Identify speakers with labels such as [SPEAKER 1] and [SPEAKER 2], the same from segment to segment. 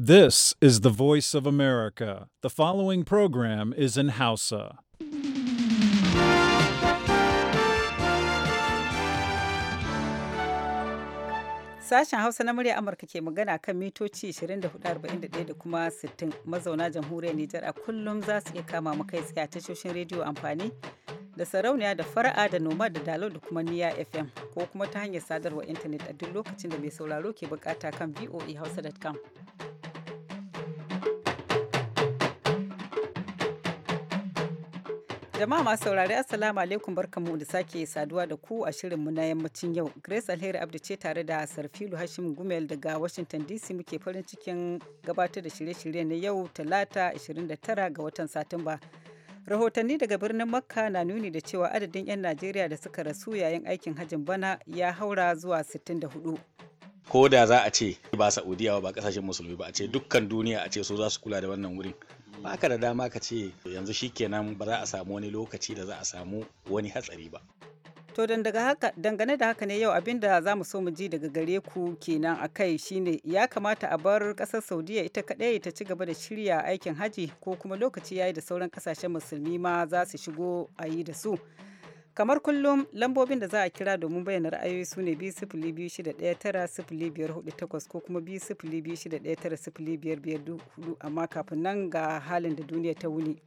[SPEAKER 1] This is the voice of America. The following program is in Hausa. Sashen Hausa na murya Amurka ke magana kan mitoci 24,41 da kuma 60 mazauna jamhuriyar Nijar a kullum za su iya kama mu kai tsaye tashoshin rediyo amfani da sarauniya da fara'a da noma da dalo da kuma niya FM ko kuma ta hanyar sadarwar intanet a duk lokacin da mai sauraro ke bukata kan voahausa.com. Jama'a masu saurari Assalamu alaikum barkamu da sake saduwa da ku a shirin mu na yammacin yau. Grace Alheri Abdu ce tare da Sarfilu Hashim Gumel daga Washington DC muke farin cikin gabatar da shirye-shirye na yau Talata 29 ga watan Satumba. Rahotanni daga birnin Makka na nuni da cewa adadin 'yan Najeriya da suka rasu yayin aikin hajjin bana ya haura zuwa 64.
[SPEAKER 2] Ko da za a ce ba Saudiya ba kasashen musulmi ba a ce dukkan duniya a ce so za su kula da wannan wurin. makada da dama ka ce yanzu shikenan ba za a samu wani lokaci da za a samu wani hatsari ba
[SPEAKER 1] to dangane da haka ne yau abin da za mu so mu ji daga gare ku kenan a kai shine ya kamata a bar kasar saudiya ita kadai ta ci gaba da shirya aikin haji ko kuma lokaci yayi da sauran kasashen musulmi ma za su shigo a yi da su kamar kullum lambobin da za a kira domin bayyana ra'ayoyi su ne 2026190548 ko kuma amma kafin nan ga halin da duniya ta wuni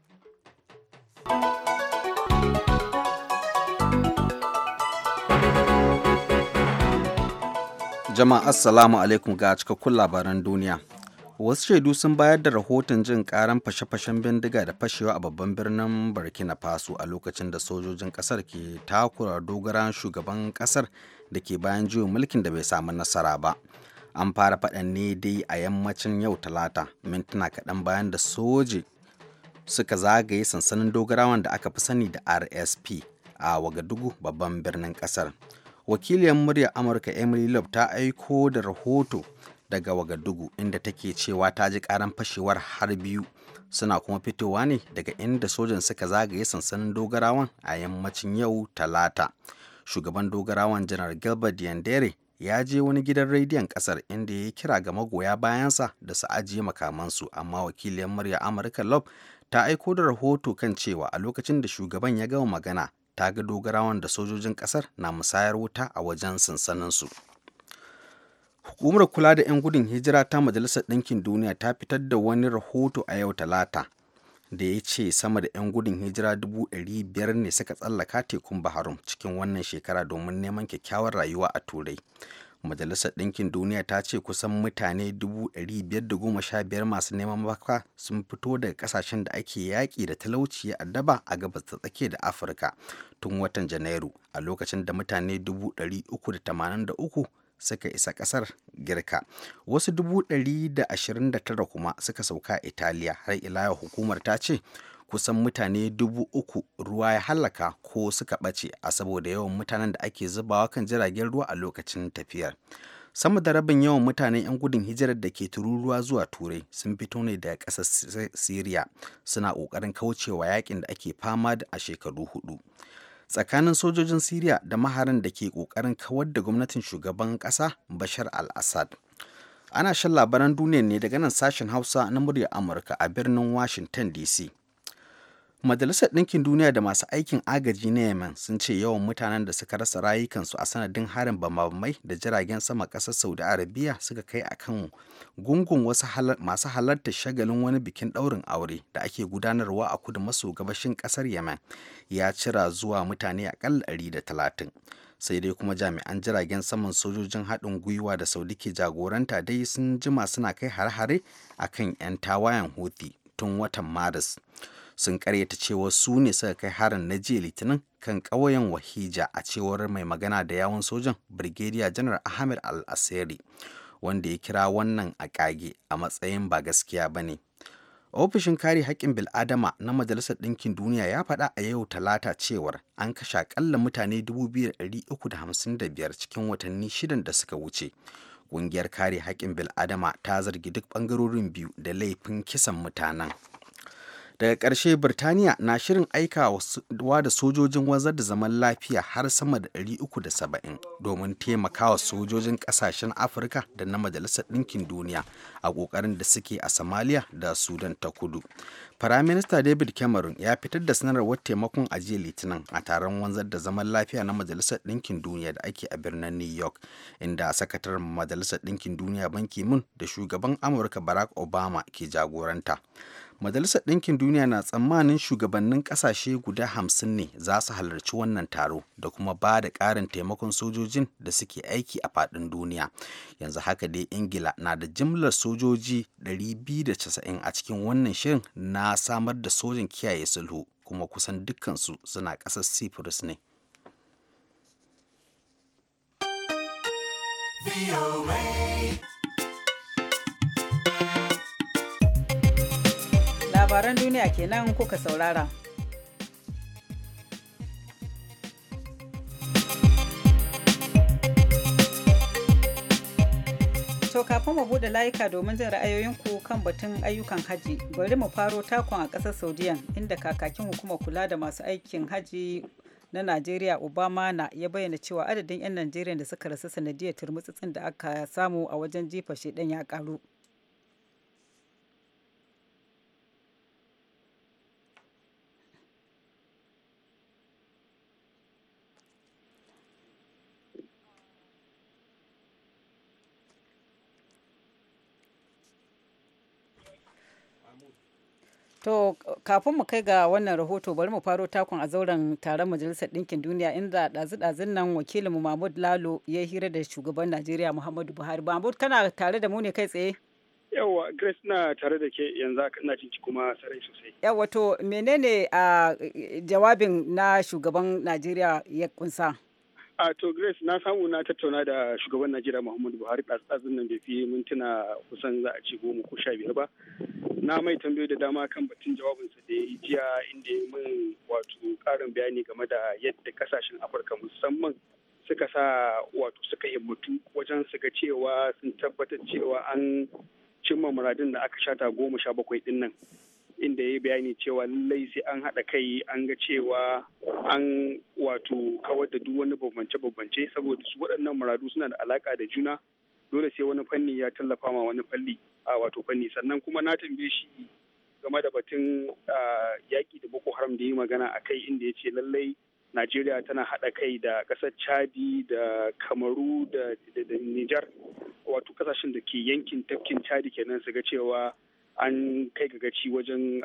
[SPEAKER 3] jama'a assalamu alaikum ga cikakkun labaran duniya wasu shaidu sun bayar da rahoton jin karan fashe-fashen bindiga da fashewa a babban birnin burkina faso a lokacin da sojojin kasar ke takura dogaran shugaban kasar da ke bayan juyin mulkin da bai samu nasara ba an fara faɗan ne dai a yammacin yau talata mintuna kaɗan bayan da soje suka zagaye sansanin dogarawan da aka fi sani da rsp a wagadugu babban birnin kasar wakiliyar murya amurka emily love ta aiko da rahoto daga Wagadugu inda take cewa ta ji karan fashewar har biyu suna kuma fitowa ne daga inda sojan suka zagaye sansanin dogarawan a yammacin yau talata. Shugaban dogarawan janar Gilbert Yandere ya je wani gidan rediyon kasar inda ya yi kira ga magoya bayansa da su ajiye makamansu amma wakiliyar murya Amurka lob ta aiko da rahoto kan cewa a lokacin da shugaban ya gama magana ta ga dogarawan da sojojin kasar na musayar wuta a wajen sansaninsu. su. Hukumar kula da 'yan gudun hijira ta Majalisar Ɗinkin Duniya ta fitar da wani rahoto a yau Talata da ya ce sama da 'yan gudun hijira biyar ne suka tsallaka tekun Baharum cikin wannan shekara domin neman kyakkyawar rayuwa a Turai. Majalisar Ɗinkin Duniya ta ce kusan mutane da goma biyar masu neman mafaka sun fito daga ƙasashen da ake yaƙi da talauci a daba a gabas ta tsake da Afirka tun watan Janairu a lokacin da mutane dubu da uku. suka isa ƙasar girka wasu dubu ɗari da da ashirin tara kuma suka sauka italiya har ila hukumar ta ce kusan mutane dubu uku ruwa ya hallaka ko suka ɓace a saboda yawan mutanen da ake zubawa kan jiragen ruwa a lokacin tafiyar sama da rabin yawan mutanen 'yan gudun hijirar da ke tururuwa zuwa turai sun fito ne daga ƙasar siriya suna ƙoƙarin kaucewa yakin da ake fama da a shekaru hudu tsakanin sojojin Siriya da maharin da ke ƙoƙarin kawar da gwamnatin shugaban ƙasa Bashar al-Assad. Ana shan labaran duniya ne daga nan sashen Hausa na murya Amurka a birnin Washington DC. Majalisar Ɗinkin Duniya da masu aikin agaji na Yemen sun ce yawan mutanen da suka rasa rayukansu a sanadin harin bamabamai da jiragen sama ƙasar Saudi Arabia suka kai a kan gungun wasu masu halartar shagalin wani bikin ɗaurin aure da ake gudanarwa a kudu maso gabashin ƙasar Yemen ya cira zuwa mutane aƙalla 130. sai dai kuma jami'an jiragen saman sojojin haɗin gwiwa da saudi ke jagoranta dai sun jima suna kai hare-hare a kan 'yan tawayen huti tun watan maris sun karyata cewa su ne suka kai harin na jiya litinin kan ƙauyen wahija a cewar mai magana da yawon sojan brigadier janar ahmed al-asiri wanda ya kira wannan a kage a matsayin ba gaskiya ba ne ofishin kare haƙƙin bil'adama na majalisar ɗinkin duniya ya faɗa a yau talata cewar an kashe aƙalla mutane 2,355 cikin watanni shidan da suka wuce ƙungiyar kare haƙƙin bil'adama ta zargi duk ɓangarorin biyu da laifin kisan mutanen daga ƙarshe birtaniya na shirin aikawa da sojojin wanzar da zaman lafiya har sama da 370 domin taimakawa sojojin ƙasashen afirka da na majalisar ɗinkin duniya a ƙoƙarin da suke a somalia da sudan ta kudu firaminista david cameron ya fitar da sanarwar taimakon ajiye litinin a taron wanzar da zaman lafiya na majalisar ɗinkin duniya da ake a birnin new york inda sakataren majalisar ɗinkin duniya banki mun da shugaban amurka barack obama ke jagoranta Majalisar Ɗinkin Duniya na tsammanin shugabannin ƙasashe guda hamsin ne za su halarci wannan taro da kuma ba da ƙarin taimakon sojojin da suke aiki a faɗin duniya. Yanzu haka dai Ingila na da jimlar sojoji 290 a cikin wannan shirin na samar da sojin kiyaye sulhu kuma kusan dukkansu suna ƙasar Cyprus ne.
[SPEAKER 1] VOA. labaran duniya kenan kuka saurara. To kafin mu bude layuka domin jin ra'ayoyinku kan batun ayyukan haji bari mu faro takon a ƙasar Saudiya inda kakakin hukumar kula da masu aikin haji na Najeriya Obama na ya bayyana cewa adadin 'yan Najeriya da suka rasu sanadiyar turmutsutsun da aka samu a wajen jefa shedan ya ƙaru. To kafin mu kai ga wannan rahoto bari mu faro takun a zauren taron Majalisar Ɗinkin Duniya inda ɗazu-ɗazun nan wakilinmu Mahmud Lalo ya hira da shugaban Najeriya Muhammadu Buhari. Mahmud kana tare da mu ne kai tsaye? Yawwa Grace
[SPEAKER 4] na tare da ke yanzu na cinci kuma sarai sosai.
[SPEAKER 1] Yawwa to menene a ah, jawabin na shugaban Najeriya ya kunsa?
[SPEAKER 4] a to grace na samu na tattauna da shugaban najeriya muhammadu buhari ɗazin nan bai fi mintuna kusan za a ci goma ko sha biyar ba na mai tambayo da dama kan batun jawabinsa da ya jiya inda ya min wato ƙarin bayani game da yadda kasashen afirka musamman suka sa wato suka himmatu wajen su ga cewa sun tabbatar cewa an cimma muradin da aka shata goma sha bakwai ɗin inda ya bayani cewa lallai sai an haɗa kai an ga cewa an wato kawar da duk wani bambance-bambance saboda su waɗannan muradu suna da alaƙa da juna dole sai wani fanni ya tallafa ma wani fanni a wato fanni sannan kuma na tambaye shi game da batun yaƙi da boko haram da yi magana a kai inda ya ce lallai najeriya tana haɗa kai da ƙasar chadi da kamaru da nijar wato ƙasashen da ke yankin tafkin chadi kenan su ga cewa an kai ga gaci wajen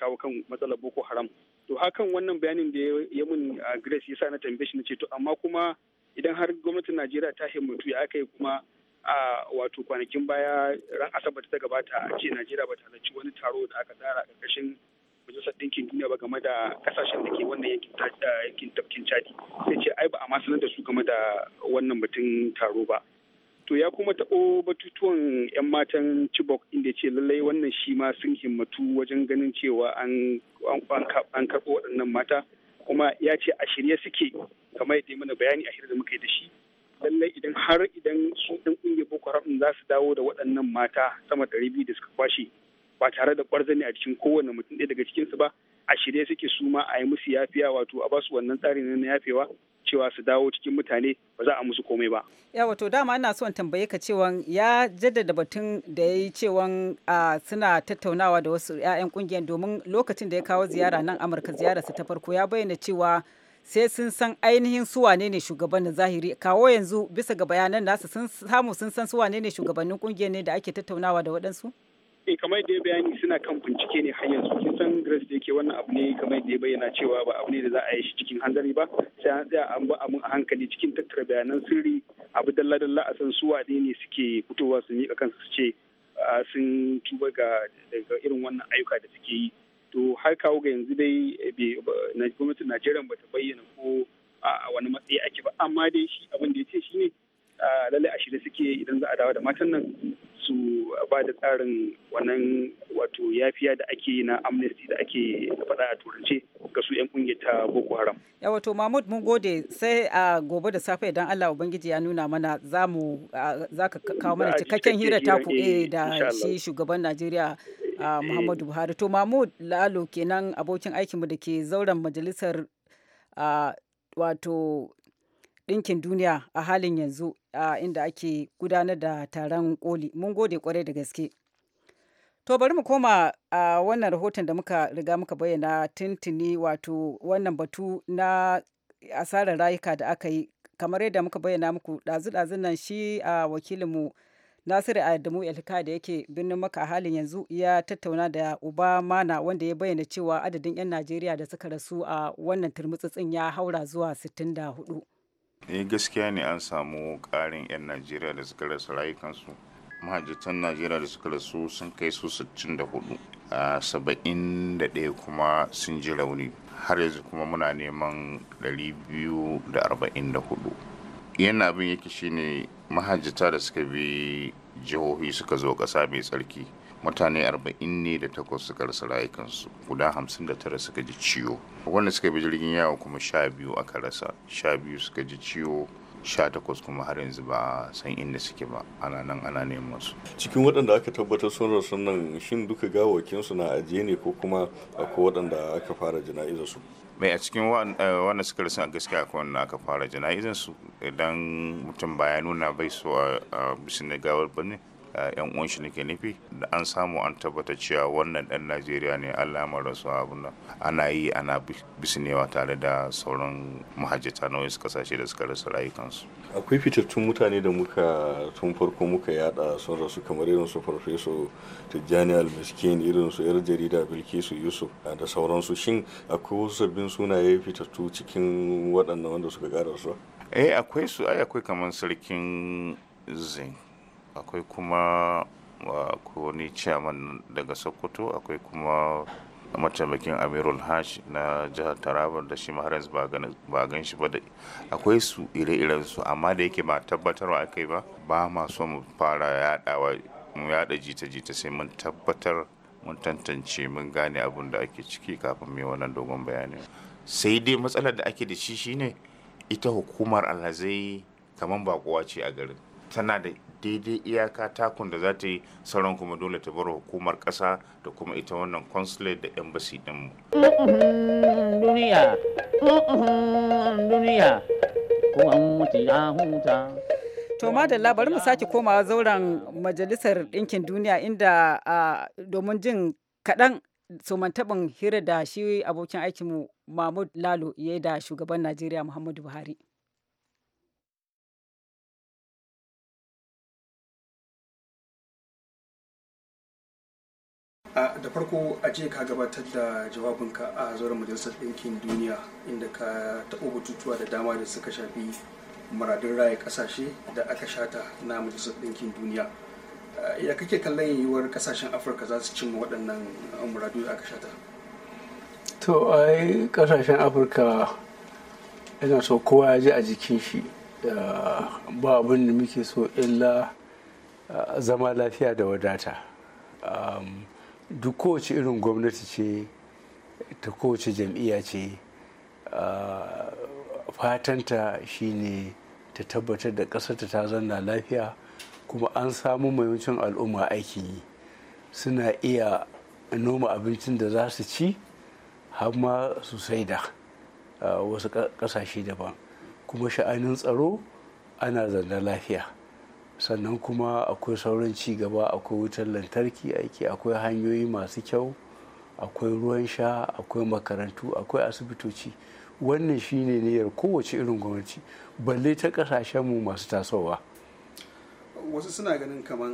[SPEAKER 4] shawo kan matsalar boko haram to hakan wannan bayanin da ya mun grace yasa na tambaye shi na ce to amma kuma idan har gwamnatin najeriya ta himmatu ya aka yi kuma a wato kwanakin baya ran asabar ta gabata a ce najeriya ba ta halarci wani taro da aka tsara a ƙarƙashin majalisar ɗinkin duniya ba game da ƙasashen da ke wannan yankin tafkin cadi sai ce ai ba a masanar da su game da wannan batun taro ba to ya kuma taɓo batutuwan 'yan matan chibok inda ce lallai wannan shi ma sun himmatu wajen ganin cewa an karɓo waɗannan mata kuma ya ce a shirye suke kamar yadda mana bayani a shirye da muka yi da shi lallai idan har idan su ɗan ƙungiyar boko haram za su dawo da waɗannan mata sama ɗari biyu da suka kwashe ba tare da kwarzani a cikin kowane mutum ɗaya daga cikinsu ba a shirye suke suma a yi musu yafiya wato a basu wannan tsari na yafewa cewa su dawo cikin mutane ba za a musu komai ba.
[SPEAKER 1] Ya wato dama ina son tambaye ka cewa ya jaddada batun da ya yi cewa suna tattaunawa da wasu 'ya'yan kungiyar domin lokacin da ya kawo ziyara nan Amurka su ta farko ya bayyana cewa sai sun san ainihin su wane ne shugabannin zahiri kawo yanzu bisa ga bayanan nasu sun samu sun san su wane ne shugabannin kungiyar ne da ake tattaunawa da waɗansu?
[SPEAKER 4] eh kamar da ya bayani suna kan bincike ne har yanzu kin san grace da yake wannan abu ne kamar da ya bayyana cewa ba abu ne da za a yi shi cikin hanzari ba sai an tsaya an ba abun a hankali cikin tattara bayanan sirri abu dalla dalla a san su wane ne suke fitowa su mika kansu su ce sun tuba ga daga irin wannan ayyuka da suke yi to har kawo ga yanzu dai eh, gwamnatin najeriya ba ta bayyana ko a wani matsayi ake ba amma dai shi abin da ya ce shine lallai a shirye suke idan za a dawo da matan nan su ba da tsarin wannan wato yafiya da ake na amnesty da ake faɗa a turance ga su 'yan kungiyar ta boko haram
[SPEAKER 1] ya wato mahmud mun gode sai a gobe da safe idan allah ubangiji ya nuna mana za mu za ka kawo mana cikakken hira ta ku eh, eh, da shi shugaban najeriya eh. muhammadu buhari to mahmud lalo kenan abokin aikinmu da ke zauren majalisar wato ɗinkin duniya a halin yanzu a inda ake gudanar da taron koli mun gode kwarai da gaske to bari mu koma a wannan rahoton da muka riga muka bayyana tuntuni wato wannan batu na asarar rayuka da aka yi kamar yadda muka bayyana muku ɗazu-ɗazun nan shi a wakilinmu nasiru adamu elka da yake birnin maka a halin yanzu ya tattauna da uba mana wanda ya bayyana cewa adadin 'yan najeriya da suka rasu a wannan turmutsutsin ya haura zuwa 64
[SPEAKER 5] ne eh, gaskiya ne an samu ƙarin 'yan najeriya da suka rasa rayukansu mahajjatan najeriya da suka rasu sun kai su 64 a 71 kuma sun ji rauni har yanzu kuma muna neman 244 yan abin yake shine mahajjata da suka bi jihohi suka zo ƙasa mai tsarki mutane 40 ne da takwas suka rasa rayukansu guda 59 suka ji ciwo wanda suka bi jirgin yawo kuma sha biyu aka rasa sha biyu suka ji ciwo sha takwas kuma har yanzu ba san inda suke ba ana nan ana neman su cikin waɗanda aka tabbatar sun rasu nan shin duka gawakin su na ajiye ne ko kuma akwai waɗanda aka fara jana'izar su mai a cikin eh, wanda suka rasu a gaskiya akwai wanda aka fara jana'izar su idan mutum baya nuna bai so a eh, eh, bisin gawar ba ne yan uwan shi nake nufi da an samu an tabbata cewa wannan dan najeriya ne allah mara su abin nan ana yi ana bisinewa tare da sauran mahajjata na wasu kasashe da suka rasa rayukansu
[SPEAKER 6] akwai fitattun
[SPEAKER 5] mutane da muka tun farko muka yada sun rasu kamar irin su farfeso tijjani almiskin irin su yar jarida bilkisu yusuf da sauransu shin akwai wasu sabbin
[SPEAKER 2] sunaye fitattu cikin waɗannan wanda suka ƙara su
[SPEAKER 5] eh akwai su ai akwai kamar sarkin zin akwai kuma kowani chairman daga sokoto akwai kuma mataimakin amirul hajj na jihar taraba da shi har ba gan shi ba da akwai su ire-iren su amma da yake ba tabbatarwa aka yi ba ba ma so mu fara yadawa mu yada jita-jita sai mun tabbatar mun tantance mun gane abin da ake ciki kafin mai wannan dogon bayani sai dai matsalar da ake da shi shine ita hukumar alhazai kamar kowa ce a garin tana da daidai iyaka takun da za ta yi sauran kuma dole ta bar hukumar kasa da kuma ita wannan consulate da embassy din
[SPEAKER 3] mm-hmm,
[SPEAKER 1] duniya mm-hmm, duniya To madalla bari mu sake komawa zauren Majalisar Ɗinkin Duniya inda domin jin kaɗan somantaɓin hira da shi abokin aikinmu Mahmud Lalo ya da shugaban Najeriya Muhammadu Buhari.
[SPEAKER 7] da farko a ce ka gabatar da jawabinka a zauren majalisar ɗinkin
[SPEAKER 8] duniya inda ka taɓo batutuwa da dama da suka shafi muradun raya ƙasashe da aka shata na majalisar ɗinkin duniya ya kake kallon yiwuwar ƙasashen afirka za su cimma waɗannan muradu da aka shata
[SPEAKER 9] to ai ƙasashen afirka yana so kowa ya ji a jikin shi ba abin da muke so illa zama lafiya da wadata um, duk kowace irin gwamnati ce ta kowace jam'iyya ce fatanta shine ta tabbatar da ƙasarta ta zanna lafiya kuma an samu mayancin al'umma aiki yi suna iya noma abincin da za su ci har ma su saida wasu ƙasashe daban kuma sha'anin tsaro ana zanna lafiya sannan kuma akwai sauran ci gaba akwai wutar lantarki aiki akwai hanyoyi masu kyau akwai ruwan sha akwai makarantu akwai asibitoci wannan shine niyyar kowace irin gwamnati balle ta kasashenmu masu tasowa
[SPEAKER 8] wasu suna ganin kamar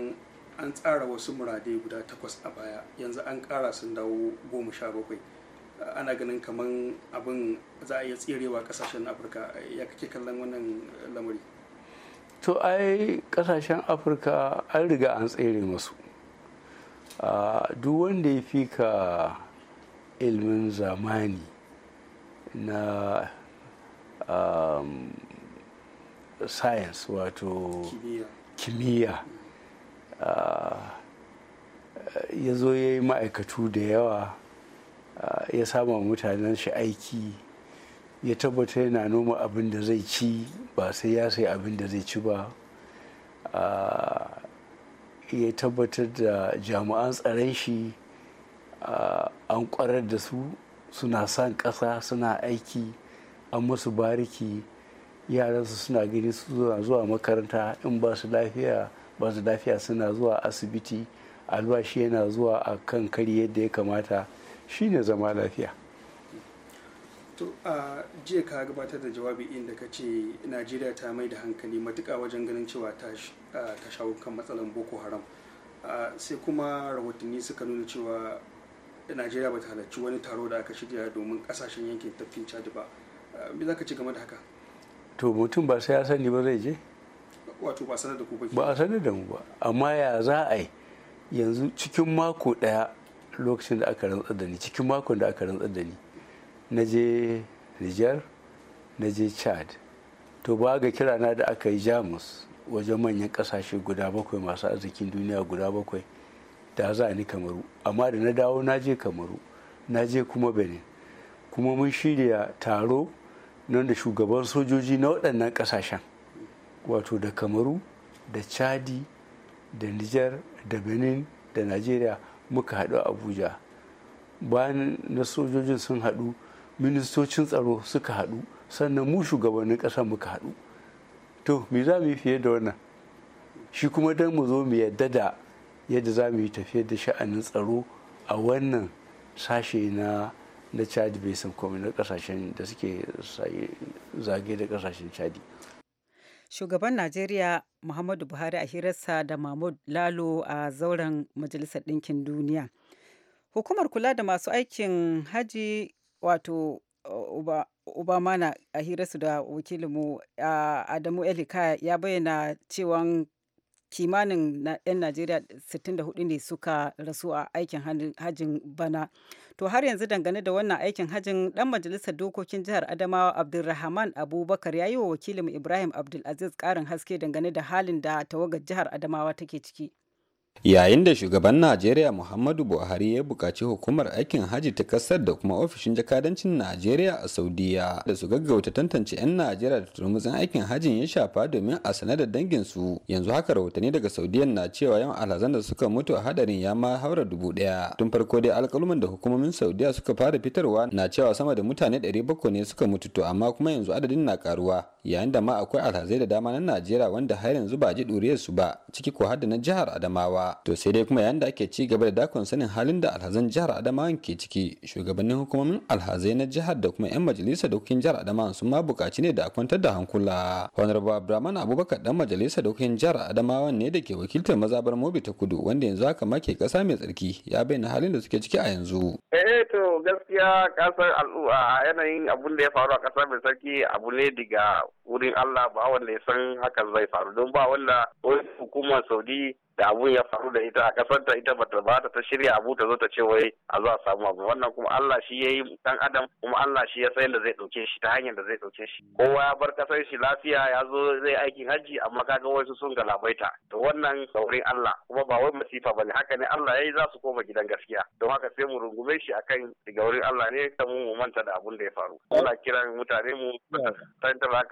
[SPEAKER 8] an tsara wasu murade guda takwas a baya yanzu an kara sun dawo goma sha bakwai ana ganin kamar abin za a iya tserewa kasashen afirka ya kake kallon wannan lamari
[SPEAKER 9] to ai kasashen afirka an riga an tsere masu duk wanda ya fi ka ilmin zamani na um, science wato kimiyya ya zo ya yi ma'aikatu da yawa ya sama mutanen shi aiki ya tabbata yana noma abin da zai ci ba sai ya sai abin da zai ci ba ah, ya tabbatar da jami'an tsaron shi ah, an kwarar da su suna son ƙasa suna aiki an musu bariki yaransu suna gani su zuwa makaranta in ba su lafiya ba su lafiya suna zuwa asibiti albashi yana zuwa a kan kari yadda ya kamata shi ne zama lafiya
[SPEAKER 8] to a jiya ka gabatar da jawabi inda ka ce najeriya ta mai da hankali matuka wajen ganin cewa ta shawo kan matsalar boko haram sai kuma rahotanni suka nuna cewa najeriya ba ta halarci wani taro da aka shirya domin kasashen yankin tafkin chad ba me za ka ci game da haka
[SPEAKER 9] to mutum ba sai ya sani ba zai je
[SPEAKER 8] wato ba sanar da ku ba a
[SPEAKER 9] sanar da mu ba amma ya za a yi yanzu cikin mako daya lokacin da aka rantsar da ni cikin makon da aka rantsar da ni na je niger na je chad to ba ga kira na da aka yi jamus wajen manyan kasashe guda bakwai masu arzikin duniya guda bakwai da za ni kamaru amma da na dawo na je kamaru na je kuma benin kuma mun shirya taro nan da shugaban sojoji na waɗannan kasashen wato da kamaru da chadi da niger da benin da nigeria muka haɗu abuja bayan na sojojin sun haɗu ministocin tsaro suka haɗu sannan mu shugabannin ƙasa muka haɗu to me za mu yi fiye da wannan shi kuma don mu zo mu yadda da yadda za mu yi tafiye da sha'anin tsaro a wannan sashe na na chad basin kuma na kasashen da suke zage da kasashen chadi
[SPEAKER 1] shugaban najeriya muhammadu buhari a hirarsa da mahmud lalo a zauren majalisar ɗinkin duniya hukumar kula da masu aikin haji wato Obamana a hirarsu da wakilinmu Adamu Elika ya bayyana cewa kimanin 'yan Najeriya 64 ne suka rasu a aikin hajjin bana. To har yanzu dangane da wannan aikin hajjin dan majalisar dokokin jihar Adamawa Abdulrahman Abubakar ya yi wa wakilinmu Ibrahim Abdulaziz karin haske dangane da halin da tawagar jihar Adamawa take ciki.
[SPEAKER 6] yayin da shugaban najeriya muhammadu buhari ya buƙaci hukumar aikin hajji ta kasar da kuma ofishin jakadancin najeriya a saudiya da su gaggauta tantance 'yan najeriya da turmutsin aikin hajjin ya shafa domin a sanar da danginsu yanzu haka rahotanni daga saudiya na cewa yawan alhazan da suka mutu a hadarin ya ma haura dubu ɗaya tun farko dai alƙaluman da hukumomin saudiya suka fara fitarwa na cewa sama da mutane 700 ne suka mutu to amma kuma yanzu adadin na karuwa yayin da ma akwai alhazai da dama na najeriya wanda har yanzu ba ji ɗuriyarsu ba ciki ko har da na jihar adamawa to sai dai kuma yayin da ake ci gaba da dakon sanin halin da alhazan jihar adama ke ciki shugabannin hukumomin alhazai na jihar da kuma yan majalisa dokokin jihar adama sun ma bukaci ne da kwantar da hankula honorable abdurrahman abubakar dan majalisar dokokin jihar adamawa ne da ke wakiltar mazabar mobi ta kudu wanda yanzu haka ma ke kasa mai tsarki ya bayyana halin da suke ciki a yanzu
[SPEAKER 7] eh to gaskiya kasar al'uwa yanayin abun da ya faru a kasar mai sarki abu ne daga wurin Allah ba wanda ya san hakan zai faru don ba wanda wani hukumar Saudi da abun ya faru da ita a kasar ta ita bata ba ta shirya abu ta zo ta ce wai a za a samu abu wannan kuma Allah shi yayi dan adam kuma Allah shi ya san da zai dauke shi ta hanyar da zai dauke shi kowa ya bar kasar shi lafiya ya zo zai aikin haji, amma kaga wasu sun galabaita to wannan saurin Allah kuma ba wai masifa bane haka ne Allah yayi za su koma gidan gaskiya don haka sai mu rungume shi akan daga wurin Allah ne ta mu mu manta da abun da ya faru muna kiran mutane mu hmm. tanta ba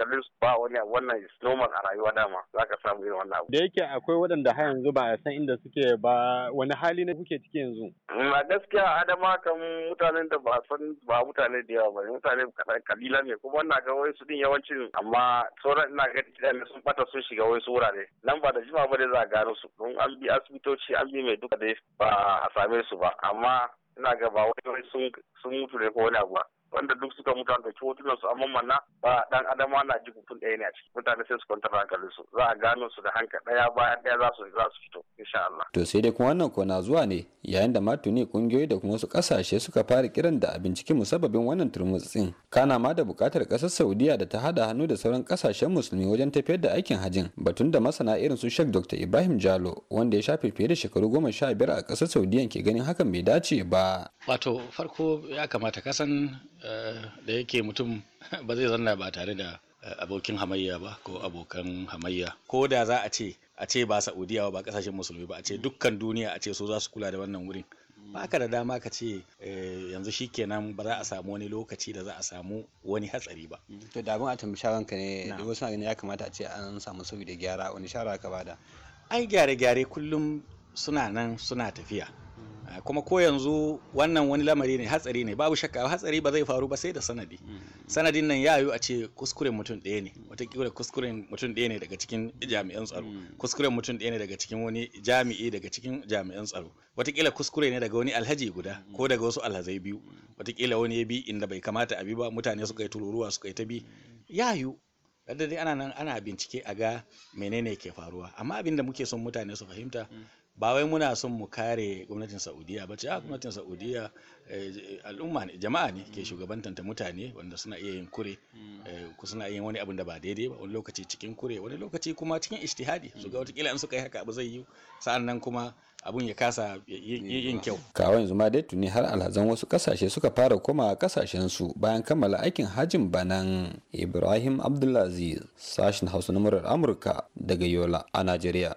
[SPEAKER 7] ba wani wannan is normal a rayuwa dama zaka samu irin wannan abu da
[SPEAKER 6] yake akwai waɗanda har yanzu yanzu ba a san inda suke ba wani hali ne kuke ciki yanzu. a
[SPEAKER 7] gaskiya adama kan mutanen da ba san ba mutane da yawa ba mutane kalila ne kuma na ga wai su din yawancin amma sauran ina ga da sun bata sun shiga wai su wurare nan ba da jima ba ne za a gano su don an bi asibitoci an bi mai duka dai ba a same su ba amma ina ga ba wai sun mutu ne ko wani abu ba. wanda duk suka mutu an ɗauki hotunan su amma mana ba dan adama na ji tun ɗaya ne a ciki mutane sai su kwantar hankalin su za a gano su da hankali ɗaya bayan ɗaya za su za su fito insha Allah.
[SPEAKER 6] To sai dai kuma wannan ko na zuwa ne yayin da matuni kungiyoyi da kuma wasu ƙasashe suka fara kiran da a binciki musabbabin wannan turmutsin kana ma da buƙatar ƙasar Saudiya da ta hada hannu da sauran ƙasashen musulmi wajen tafiyar da aikin hajin batun da masana irin su shek Dr. Ibrahim Jalo wanda ya shafe fiye da shekaru goma sha biyar a ƙasar Saudiya ke ganin hakan bai dace ba.
[SPEAKER 2] Wato farko ya kamata kasan Eh, da yake mutum ba zai zanna ba tare da eh, abokin hamayya ba ko abokan hamayya ko da za a ce a ce ba saudiya ba kasashen musulmi ba a ce dukkan duniya a ce so za su kula da wannan wurin ba ka da dama ka ce eh, yanzu shikenan ba za a samu wani lokaci da za a samu wani hatsari ba to da abin a tambi ka ne da wasu ganin ya kamata a ce an samu sauyi da gyara wani shara ka bada ai gyare-gyare kullum suna nan suna tafiya kuma ko yanzu wannan wani lamari ne hatsari ne babu shakka hatsari ba zai faru ba sai da sanadi hmm. sanadin nan ya a ce kuskuren mutum ɗaya ne watakila kuskuren mutum ɗaya ne daga cikin jami'an tsaro hmm. kuskuren mutum ɗaya ne daga cikin wani jami'i daga cikin jami'an tsaro wataƙila kuskure ne daga wani alhaji guda hmm. ko daga wasu alhazai biyu watakila wani ya bi inda bai kamata a bi ba mutane suka yi tururuwa suka yi ta bi ya yu ana nan ana bincike a ga menene ke faruwa amma abin da muke son mutane su fahimta ba wai muna son mu kare gwamnatin saudiya ba ce a ah, gwamnatin saudiya eh, al'umma ne jama'a ne ke shugabantanta mutane wanda suna iya yin kure eh, ku suna iya yin wani abin da ba daidai ba wani lokaci cikin kure wani lokaci kuma cikin ishtihadi su ga kila in suka yi haka abu zai yi sa'an nan kuma abun ya kasa yin kyau
[SPEAKER 6] kawo yanzu ma dai tuni har alhazan wasu kasashe suka fara koma kasashen su bayan kammala aikin hajin banan ibrahim abdulaziz sashen hausa na murar amurka daga yola a najeriya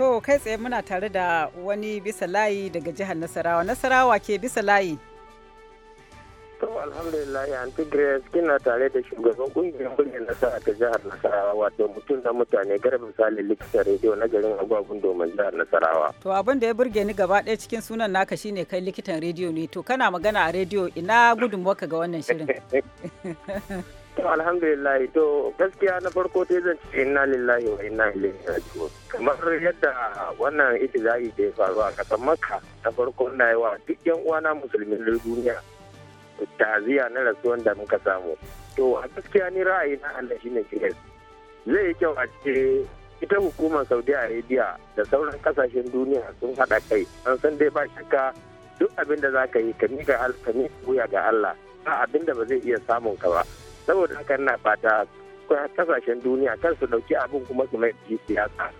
[SPEAKER 1] To kai tsaye muna tare da wani bisa layi daga jihar Nasarawa. Nasarawa ke bisa layi.
[SPEAKER 7] To alhamdulillah anti Grace kina tare da shugaban kungiyar kungiyar nasara ta jihar Nasarawa wato mutum na mutane garba misali likita rediyo na garin agwagun domin jihar Nasarawa.
[SPEAKER 1] To abin da ya burge ni gaba ɗaya cikin sunan naka shine kai likitan rediyo ne to kana magana a rediyo ina ka ga wannan shirin.
[SPEAKER 7] alhamdulillah to gaskiya na farko dai zan ce inna lillahi wa inna ilaihi raji'un kamar yadda wannan ibtila'i da ya faru a ƙasar makka na farko na yi wa duk yan uwana musulmin duniya ta'aziyya na rasuwan da muka samu to a gaskiya ni ra'ayi na Allah shine kiran zai yi kyau a ce ita hukumar saudi arabia da sauran kasashen duniya sun haɗa kai an san dai ba shakka duk abin da za ka yi ka miƙa wuya ga Allah ba abin da ba zai iya samun ka ba saboda haka na fata kasashen duniya kan su dauki abin kuma su mai siyasa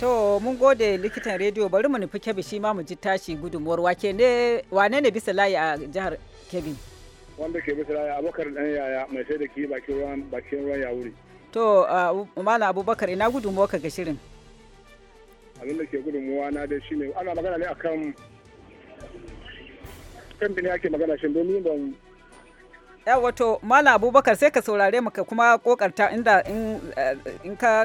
[SPEAKER 1] To mun gode likitan rediyo bari mu nufi Kebbi shi ma mu ji tashi gudunmuwar wake ne wane ne bisa layi a jihar Kebbi?
[SPEAKER 4] Wanda ke bisa layi Abubakar dan yaya mai sai da ki bakin ruwan bakin ruwan wuri
[SPEAKER 1] To Malam Abubakar ina gudunmuwar ka ga shirin?
[SPEAKER 4] Abin da ke gudunmuwa na dai shine ana magana ne akan kan bin yake magana shin domin ban
[SPEAKER 1] ya wato mala abubakar sai ka saurare mu ka kuma kokarta inda in eh, ka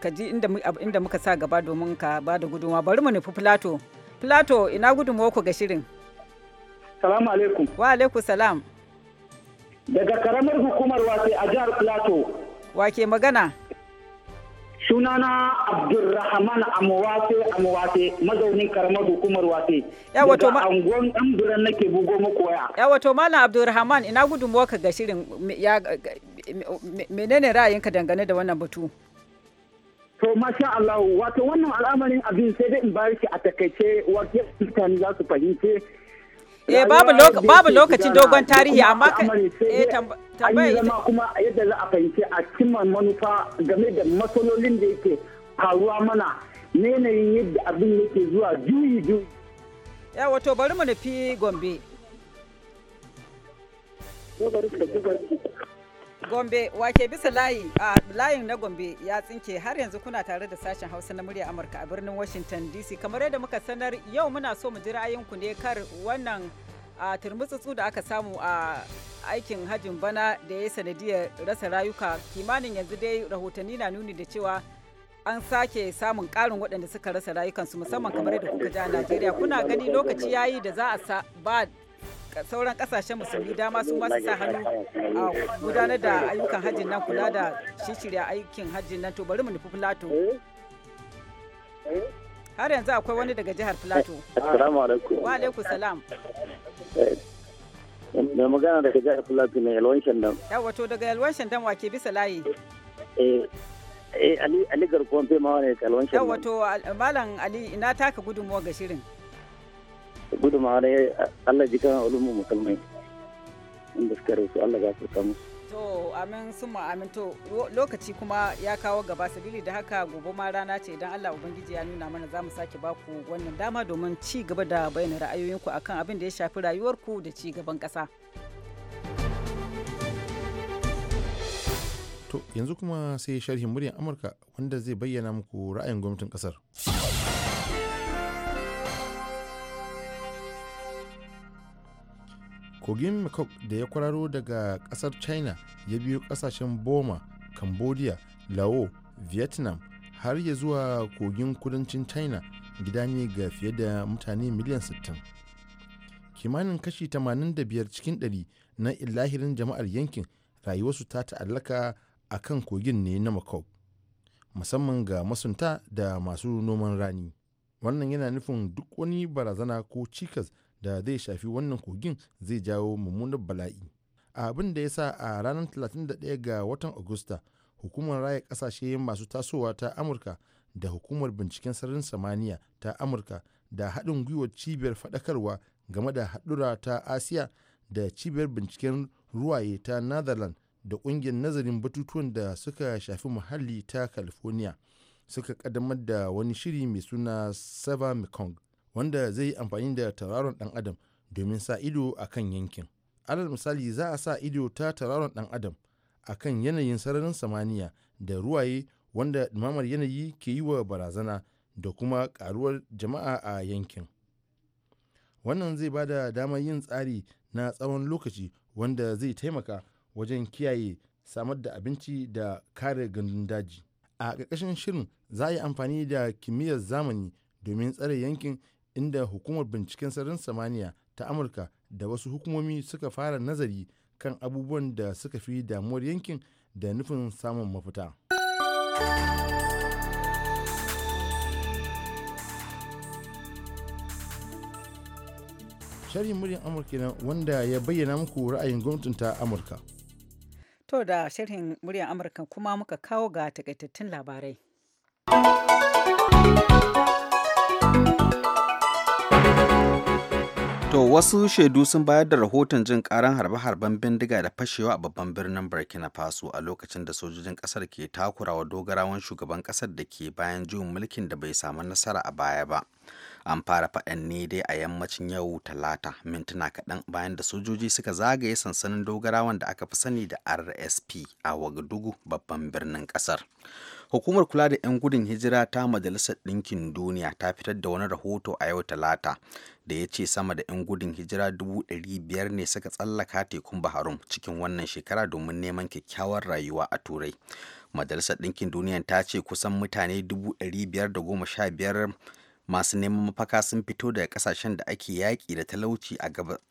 [SPEAKER 1] ka ji inda muka sa gaba domin ka ba da gudunwa bari mu nufi plato plato ina gudunwa ku ga shirin salamu alaikum wa alaikum salam daga karamar hukumar wake a jihar plato wa ke magana
[SPEAKER 4] sunana abdulrahman amwase amwase mazaunin
[SPEAKER 1] karamar hukumar wate ya wato ma angon dan biran nake bugo muku waya ya wato malam abdulrahman ina ka ga shirin ya menene ra'ayinka dangane da wannan batu
[SPEAKER 4] to masha Allah wato wannan al'amarin abin sai dai in bari shi a takaice wato mutane za su fahimce
[SPEAKER 1] eh babu babu lokacin dogon tarihi amma ka eh tambaya ita
[SPEAKER 4] kuma yadda za a fahimci a cimma manufa game da matsalolin da yake faruwa mana ne ne yadda abin yake zuwa
[SPEAKER 1] juyi juyi ya wato bari mu nufi gombe Gombe wake bisa layi a layin na Gombe ya tsinke har yanzu kuna tare da sashen Hausa na murya Amurka a birnin Washington DC kamar yadda muka sanar yau muna so mu ji ra'ayinku ne kar wannan a turmutsutsu da aka samu a aikin hajin bana da ya sanadiyar rasa rayuka kimanin yanzu dai rahotanni na nuni da cewa an sake samun karin waɗanda suka rasa rayukansu musamman kamar yadda kuka ja a Najeriya kuna gani lokaci yayi da za a ba sauran kasashen musulmi dama su masu sa hannu a gudanar da ayyukan hajjin nan kula da shishirya aikin hajjin nan to bari mu nufi filato har yanzu akwai wani daga jihar filato assalamu wa alaikum salam mai
[SPEAKER 7] magana daga jihar filato ne yalwan shandam
[SPEAKER 1] yawa to daga yalwan shandam ke bisa layi
[SPEAKER 7] eh, eh ali ali garkuwan fema ne yalwan shandam yawa
[SPEAKER 1] to malam ali ina taka gudunmuwa ga shirin
[SPEAKER 7] gudunmawa da Allah ji kan ulumu musulmai inda suka rasu Allah ga su
[SPEAKER 1] To amin sun amin to lokaci kuma ya kawo gaba sabili da haka gobe ma rana ce idan Allah Ubangiji ya nuna mana za mu sake baku wannan dama domin ci gaba da bayyana ra'ayoyinku akan abin da ya shafi rayuwarku da ci gaban ƙasa.
[SPEAKER 10] To yanzu kuma sai sharhin muryar Amurka wanda zai bayyana muku ra'ayin gwamnatin ƙasar. kogin mekong da ya kwararo daga kasar china ya biyo kasashen boma cambodia lao vietnam har ya zuwa kogin kudancin china gida ne ga fiye da mutane miliyan 60 kimanin kashi 85 cikin 100 na ilahirin jama'ar yankin rayuwarsu ta ta'allaka a kan kogin ne na mekong musamman ga masunta da masu noman rani wannan yana nufin duk wani barazana ko cikas da zai shafi wannan kogin zai jawo mummunan bala'i abin da ya sa a ranar 31 ga watan agusta hukumar raya kasashe masu tasowa ta amurka da hukumar binciken sararin samaniya ta amurka da haɗin gwiwar cibiyar faɗakarwa game da haɗura ta asiya da cibiyar binciken ruwaye ta netherlands da ƙungiyar nazarin batutuwan da suka shafi muhalli ta california suka ƙaddamar da wani shiri mai suna sava mekong wanda zai yi amfani da tauraron dan adam domin sa ido a kan yankin alal misali za a sa ido ta tauraron dan adam a kan yanayin sararin samaniya da ruwaye wanda ɗumamar yanayi ke yi wa barazana da kuma ƙaruwar jama'a a yankin wannan zai ba da damar yin tsari na tsawon lokaci wanda zai taimaka wajen kiyaye samar da abinci da kare gandun daji a ƙarƙashin shirin za a yi amfani da kimiyyar zamani domin tsare yankin inda hukumar binciken sararin samaniya ta amurka da wasu hukumomi suka fara nazari kan abubuwan da suka fi damuwar yankin da nufin samun mafita sharhin muryar amurka na wanda ya bayyana muku ra'ayin gwamnatin ta amurka
[SPEAKER 1] to da sharhin muryar amurka kuma muka kawo ga takaitattun labarai
[SPEAKER 3] To wasu shaidu sun bayar da rahoton jin karan harbe-harben bindiga da fashewa a babban birnin Burkina Faso a lokacin da sojojin kasar ke takurawa dogarawan shugaban kasar da ke bayan juyin mulkin da bai samu nasara a baya ba. An fara faɗan ne dai a yammacin yau talata mintuna kaɗan bayan da sojoji suka zagaye sansanin dogarawan da aka fi sani da RSP a Wagadugu babban birnin kasar. hukumar kula da 'yan gudun hijira ta majalisar ɗinkin duniya ta fitar da wani rahoto a yau talata da ya ce sama da 'yan gudun hijira dubu biyar ne suka tsallaka tekun baharum cikin wannan shekara domin neman kyakkyawar rayuwa a turai majalisar ɗinkin duniya ta ce kusan mutane da 515 masu neman mafaka sun fito daga kasashen da ake yaƙi da talauci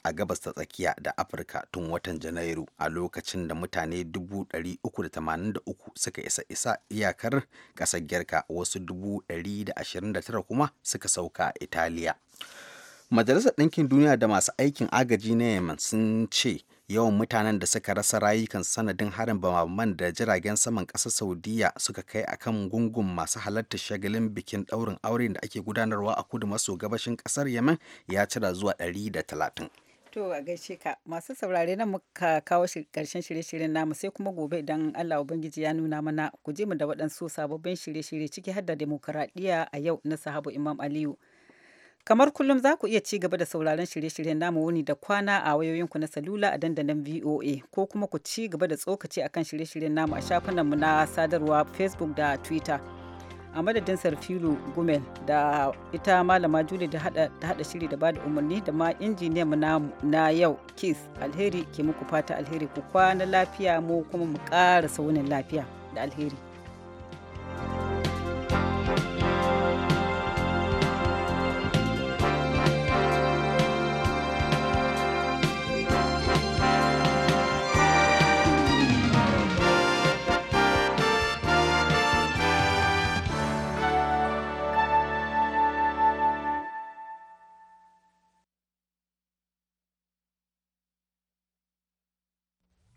[SPEAKER 3] a gabas ta tsakiya da afirka tun watan janairu a lokacin da mutane 383 suka isa isa iyakar ƙasar girka wasu 129 kuma suka sauka italiya majalisar ɗinkin duniya da masu aikin agaji na yemen sun ce yawan mutanen da suka rasa rayukan sanadin harin bamaman da jiragen saman ƙasar saudiya suka kai a kan gungun masu halartar shagalin bikin ɗaurin auren da ake gudanarwa a kudu maso gabashin ƙasar yemen ya cira zuwa 130
[SPEAKER 1] To a gaishe ka masu saurare nan muka kawo ƙarshen shirye-shiryen namu sai kuma gobe idan Allah Ubangiji ya nuna mana ku je mu da waɗansu sababbin shirye-shirye ciki har da demokuraɗiyya a yau na sahabu Imam Aliyu. Kamar kullum za ku iya ci gaba da sauraron shirye-shiryen namu wuni da kwana a wayoyinku na salula a dandalin VOA ko kuma ku ci gaba da tsokaci akan shirye-shiryen namu a shafinanmu na sadarwa Facebook da Twitter. A madadin Sarfilu Gumel da ita Malama Juli da hada, shiri da bada umarni da ma injiniyan mu na yau kis Alheri ke muku fata alheri ku kwana lafiya mu kuma mu ƙara saunin lafiya da alheri.